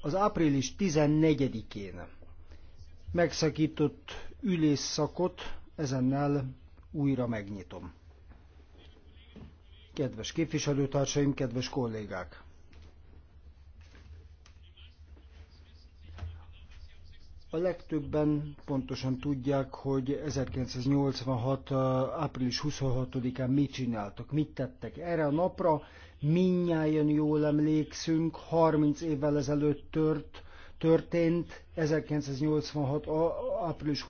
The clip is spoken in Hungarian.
Az április 14-én megszakított ülésszakot ezennel újra megnyitom. Kedves képviselőtársaim, kedves kollégák! A legtöbben pontosan tudják, hogy 1986. április 26-án mit csináltak, mit tettek. Erre a napra minnyáján jól emlékszünk, 30 évvel ezelőtt tört, történt, 1986. április